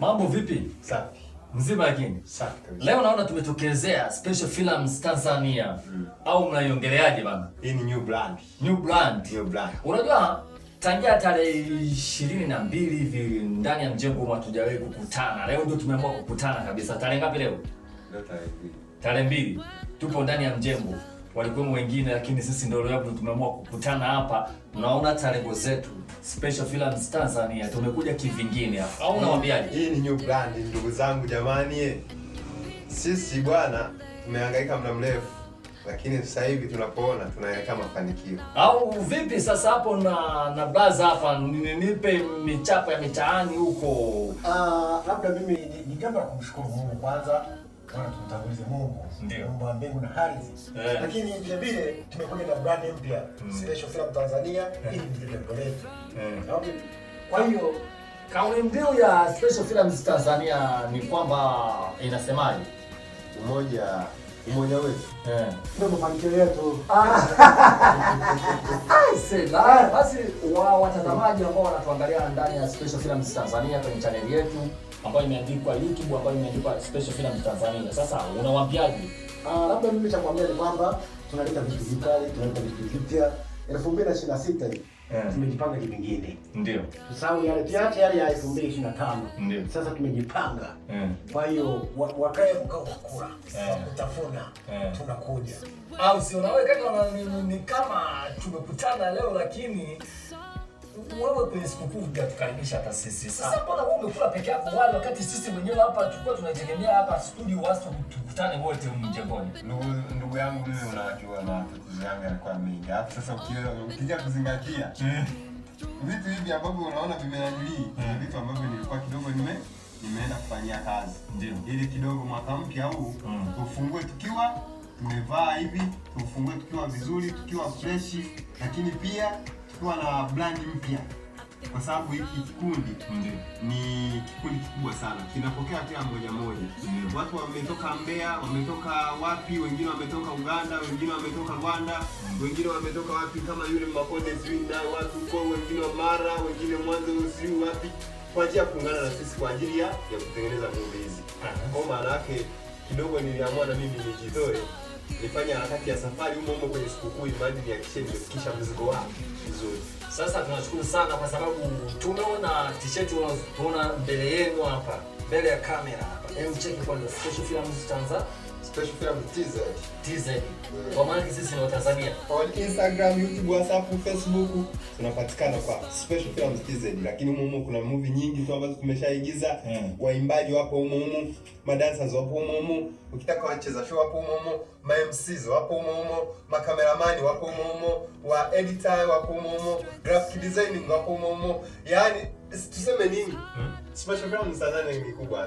Mambo vipi? Safi. Mzima lakini? Safi. Leo naona tumetokezea Special Films Tanzania. Mm. Au mnaiongeleaje bana? Hii ni new brand. New brand. New brand. Unajua tangia tarehe 22 hivi ndani ya mjengo huu hatujawahi kukutana. Leo ndio tumeamua kukutana kabisa. Tarehe ngapi leo? Leo tarehe 2. Tarehe 2. Tupo ndani ya mjengo walikuwa wengine, lakini sisi ndio leo tumeamua kukutana hapa. Unaona talengo zetu Special Films Tanzania tumekuja kivingine hapa, au unawaambiaje? Hii ni new brand ndugu zangu, jamani, sisi bwana tumehangaika muda mrefu lakini sasa hivi tunapoona tunaleta mafanikio au vipi? Sasa hapo na na blaza hapa, ninipe michapo ya mitaani huko. Ah, labda mimi ni jambo la kumshukuru Mungu kwanza kama tumtangulize Mungu Mungu mbingu na ardhi yeah. Lakini vile vile tumekuja na brand mpya mm. Special Film Tanzania eh. ili ni jambo letu yeah. Okay. Kwa hiyo kauli mbiu ya Special Films Tanzania ni kwamba inasemaje? Umoja umoja wetu eh. ndio mafanikio yetu. Ah. Eh. Basi wa watazamaji ambao wanatuangalia ndani ya Special Films Tanzania kwenye chaneli yetu ambayo imeandikwa YouTube ambayo imeandikwa Special Film Tanzania. Sasa unawaambiaje? Ah, labda mimi nitakwambia ni kwamba tunaleta vitu vikali, tunaleta vitu vipya. 2026 hii yeah. Tumejipanga kipingine, ndio tusahau yale tiati yale ya 2025. Ndio sasa tumejipanga yeah. Kwa hiyo wakae mkao eh. wa kula yeah. Kutafuna yeah. Tunakuja au sio? Na wewe kaka, ni kama tumekutana leo lakini wewe kwenye sikukuu hutukaribisha hata sisi. Sasa mbona wewe umekula peke yako wale, wakati sisi wenyewe hapa tulikuwa tunategemea hapa studio wasu tukutane wote mjengoni? Ndugu yangu mimi, unajua na matukuzi yangu yalikuwa mengi, alafu sasa ukija kuzingatia eh, vitu hivi ambavyo unaona vimenanilii na hmm. vitu ambavyo nilikuwa kidogo nime nimeenda kufanyia kazi ndio, ili kidogo mwaka mpya huu hmm. tufungue tukiwa tumevaa hivi, tufungue tukiwa vizuri, tukiwa freshi, lakini pia kuwa na brand mpya, kwa sababu hiki kikundi ni kikundi kikubwa sana, kinapokea kila mmoja mmoja. Mm-hmm. Watu wametoka Mbeya, wametoka wapi, wengine wametoka Uganda, wengine wametoka Rwanda, mm-hmm. wengine wametoka wapi, kama yule Makonde sijui na watu kwa, wengine wa Mara, wengine Mwanza sijui wapi, kwa ajili ya kuungana na sisi kwa ajili ya kutengeneza ngombe hizi. Ah, kwa maana yake kidogo niliamua na mimi nijitoe nifanya harakati ya safari humo humo kwenye sikukuu, imradi nihakikishe nimefikisha mzigo wako vizuri. Sasa tunashukuru sana kwa sababu tumeona t-shirt unaona mbele yenu hapa, mbele ya kamera hapa. Hebu cheki kwa Special Films Tanzania Facebook tunapatikana kwa Special Films TZ, lakini humo kuna movie nyingi tu ambazo tumeshaigiza. Hmm. Waimbaji wapo humo humo, madancers wapo humo humo, ukitaka wacheza show wapo humo humo, ma wapo humo humo, makameramani wapo humo humo, wa editor wapo humo humo, graphic designing wapo humo humo. Yaani tuseme nini? Hmm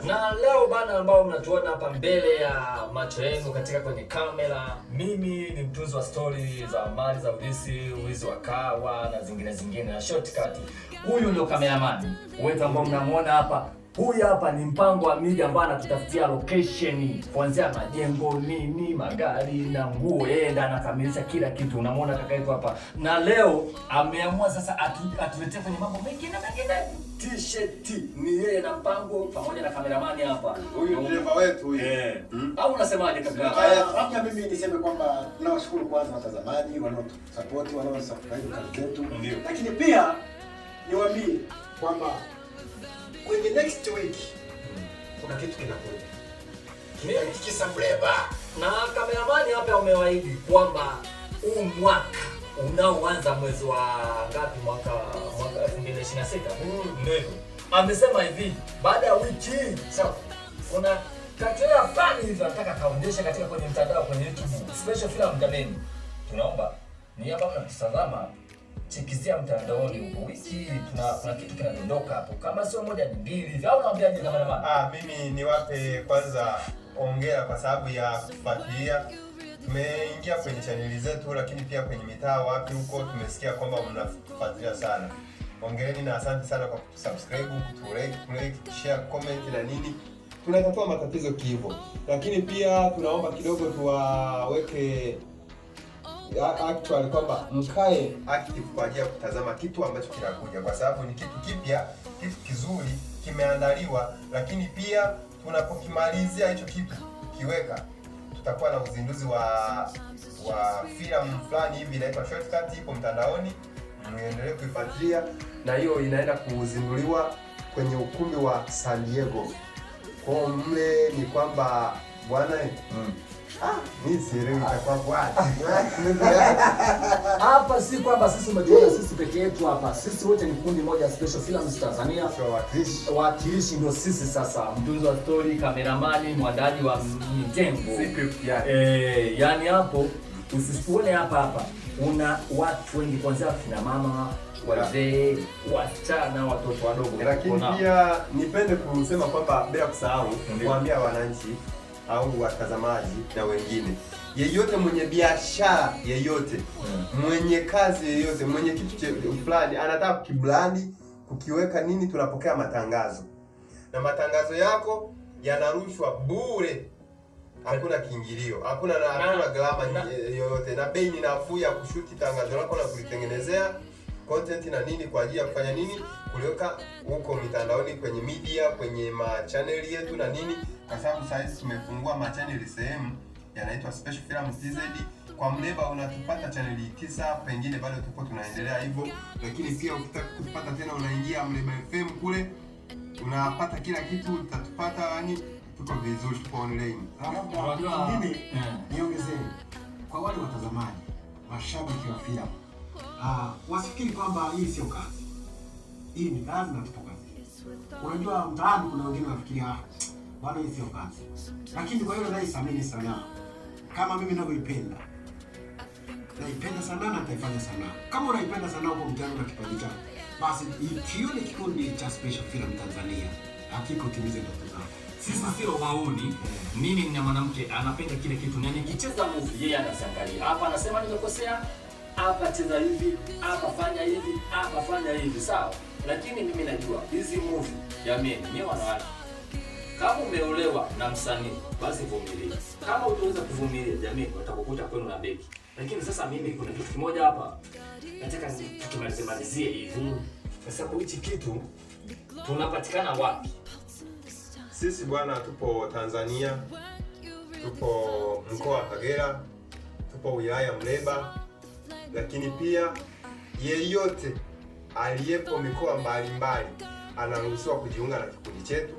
na leo bana, ambao mnatuona hapa mbele ya macho yenu katika kwenye kamera, mimi ni mtunzi wa stori za mali za ulisi wizi wa kawa na zingine zingine na shortcut. Huyu ndio kameramani wetu ambao mnamwona hapa Huyu hapa ni mpango wa miji ambaye anatutafutia location kuanzia majengo nini, magari na nguo. Yeye ndiye anakamilisha kila kitu. Unamwona kaka yetu hapa, na leo ameamua sasa atuletee kwenye mambo mengine mengine. T-shirt ni yeye na mpango pamoja na cameraman hapa, huyu dereva wetu huyu yeah. Hmm? Au unasemaje kaka? Labda mimi niseme kwamba tunawashukuru kwanza watazamaji wanaotusupport, wanaosubscribe kazi zetu, lakini pia niwaambie kwamba kwenye next week kuna kitu kinakuja kinatikisa mleba, na kameramani hapa amewaahidi kwamba huu mwaka unaoanza mwezi wa ngapi, mwaka mwaka 2026 ndio amesema hivi, baada ya wiki sawa, kuna katika fani hivi nataka kaonyeshe katika kwenye mtandao kwenye YouTube special film Mdabeni, tunaomba ni hapa mnatutazama chekizia mtandaoni huko, wiki hii tuna kuna kitu kinadondoka hapo, kama sio moja ni mbili. Au unaambiaje? Ah, mimi niwape kwanza ongea kwa sababu ya kufuatilia tumeingia kwenye chaneli zetu, lakini pia kwenye mitaa wapi huko, tumesikia kwamba mnafuatilia sana. ongeeni na asante sana kwa kusubscribe, kutulike, kulike, share, comment na nini. Tunatatua matatizo kivyo lakini pia tunaomba kidogo tuwaweke actual kwamba mkae active kwa ajili ya kutazama kitu ambacho kinakuja, kwa sababu ni kitu kipya, kitu kizuri kimeandaliwa, lakini pia tunapokimalizia hicho kitu kiweka, tutakuwa na uzinduzi wa wa filamu fulani hivi inaitwa Shortcut, ipo mtandaoni, muendelee kuifuatilia, na hiyo inaenda kuzinduliwa kwenye ukumbi wa San Diego. Kwa mle ni kwamba bwana mm hapa si kwamba sisi umetuona sisi peke yetu hapa, sisi wote ni kundi moja Special Films Tanzania, wakilishi ndio sisi. Sasa mtunzi wa stori, kameramani, mwadaji wa mjengo, eh, yani hapo usituone hapa hapa, una watu wengi, kwanzia kina mama wazee wasichana, watoto wadogo. Lakini pia nipende kusema kwamba bila kusahau kuambia wananchi au watazamaji na wengine, yeyote mwenye biashara yeyote, mwenye kazi yeyote, mwenye kitu fulani anataka kukibrandi, kukiweka nini, tunapokea matangazo na matangazo yako yanarushwa bure, hakuna kiingilio, hakuna na, hakuna gharama yoyote, na bei ni nafuu ya kushuti tangazo lako na kulitengenezea content na nini kwa ajili ya kufanya nini, kuliweka huko mitandaoni, kwenye media, kwenye machaneli yetu na nini, kwa sababu sasa hivi tumefungua machaneli sehemu yanaitwa Special Films TZ. Kwa mleba unatupata chaneli tisa, pengine bado tuko tunaendelea hivyo, lakini pia ukitaka kutupata tena unaingia Mleba FM kule, unapata kila kitu, utatupata yani, tuko vizuri, tuko online. Eh. Niongezee kwa wale watazamaji, mashabiki wa filamu uh, wasifikiri kwamba hii sio kazi. Hii ni kazi na tupo kazi. Unajua mtaani kuna wengine wanafikiria ah, bado hii sio kazi, lakini kwa hiyo naisamini sana kama mimi ninavyoipenda naipenda sana na nitaifanya sana. Kama unaipenda sana huko mtaani na kipaji chako, basi ni kikundi cha Special Film Tanzania hakika utimize ndoto zako. Sisi sio wauni. Mimi ni mwanamke anapenda kile kitu na nikicheza movie yeye anasangalia hapa, anasema nimekosea hapa cheza hivi, hapa fanya hivi, hapa fanya hivi, sawa. Lakini mimi najua hizi movie, jameni, ni wanawake. Kama umeolewa na msanii, basi vumilia. Kama utaweza kuvumilia, jameni, watakukuta kwenu na beki. Lakini sasa mimi kuna kitu kimoja hapa nataka tukimalize malizie hivi, kwa sababu hichi kitu tunapatikana wapi? Sisi bwana, tupo Tanzania, tupo mkoa wa Kagera, tupo wilaya Mleba lakini pia yeyote aliyepo mikoa mbalimbali anaruhusiwa kujiunga na kikundi chetu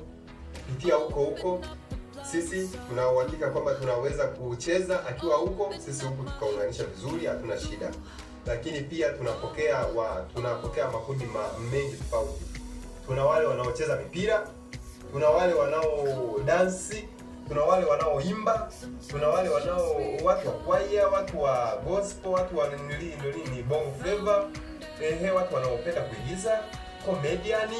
kupitia huko huko. Sisi tuna uhakika kwamba tunaweza kucheza akiwa huko, sisi huku tukaunganisha vizuri, hatuna shida. Lakini pia tunapokea wa tunapokea makundi mengi tofauti. Tuna wale wanaocheza mipira, tuna wale wanao dansi kuna wale wanaoimba, kuna wale wanao watu wa kwaya, watu wa gospel, watu wa nini nini bongo flavor, ehe, watu wanaopenda kuigiza, comedian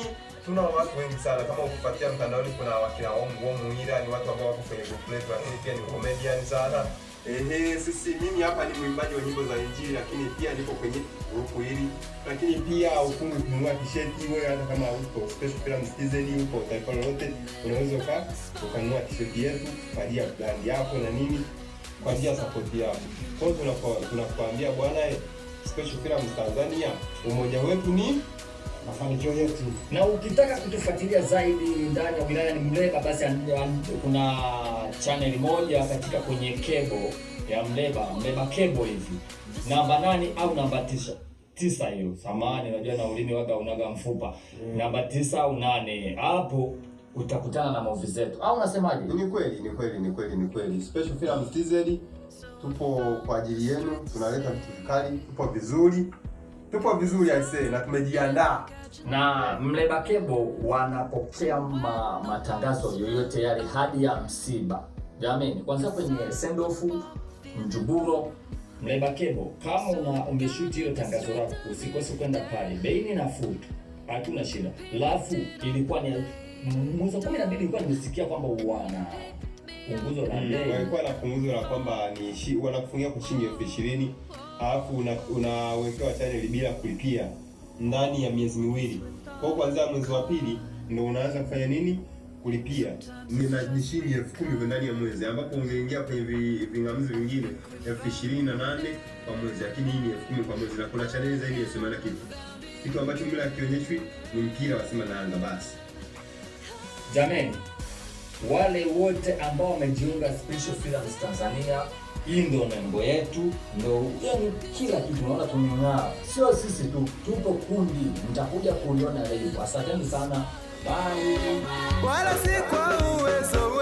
tuna watu wengi sana. Kama ukipatia mtandaoni, kuna wakina Omu Omu Ira, ni watu ambao wako kwenye group letu, lakini pia ni comedian sana. Ehe, sisi mimi hapa ni mwimbaji wa nyimbo za Injili, lakini pia niko kwenye grupu hili, lakini pia ufungu kununua t-shirt iwe hata kama uko special film citizen uko taifa lolote, unaweza uka ukanunua t-shirt yetu kwa ajili ya brand yako na nini, kwa ajili ya support yako. Kwa hiyo tunakwambia bwana, eh, special film Tanzania, umoja wetu ni mafanikio yetu. Na ukitaka kutufuatilia zaidi ndani ya wilaya ni Mleba, basi kuna chaneli moja katika kwenye kebo ya Mleba, Mleba kebo hivi namba nane au namba tisa tisa hiyo, samani, najua na ulimi waga unaga mfupa mm. namba tisa au nane hapo utakutana na movie zetu, au unasemaje? Ni kweli, ni kweli, ni kweli, ni kweli. Special Film TZ tupo kwa ajili yenu, tunaleta vitu vikali, tupo vizuri tupo vizuri aisee, na tumejiandaa na Mleba Kebo wanapokea ma, matangazo yoyote yale hadi ya msiba jamani, kwanza kwenye sendofu mjuburo Mleba Kebo, kama una umeshuti hiyo tangazo lako, usikose kwenda pale, beini na food hatuna shida. Lafu ilikuwa ni mwezi wa kumi na mbili ilikuwa nimesikia kwamba wana punguzo la mm, bei, walikuwa na punguzo la kwamba ni wanakufungia kwa shilingi elfu ishirini alafu unawekewa una channel bila kulipia ndani ya miezi miwili. Kwa hiyo kuanzia mwezi wa pili ndio unaanza kufanya nini kulipia ni jishini elfu kumi kwa ndani ya mwezi, ambapo ungeingia kwenye vingamizi vingine elfu ishirini na nane kwa mwezi, lakini hii ni elfu kumi kwa mwezi, na kuna chaneli zaidi ya semana kitu kitu ambacho mla akionyeshwi ni mpira wa na naanga. Basi jamani, wale wote ambao wamejiunga Special Films Tanzania hii ndio nembo yetu, ndio yani kila kitu naona tumeng'aa. Sio sisi tu, tupo kundi, mtakuja kuliona leo. Asanteni sana, bye. Wala si kwa uwezo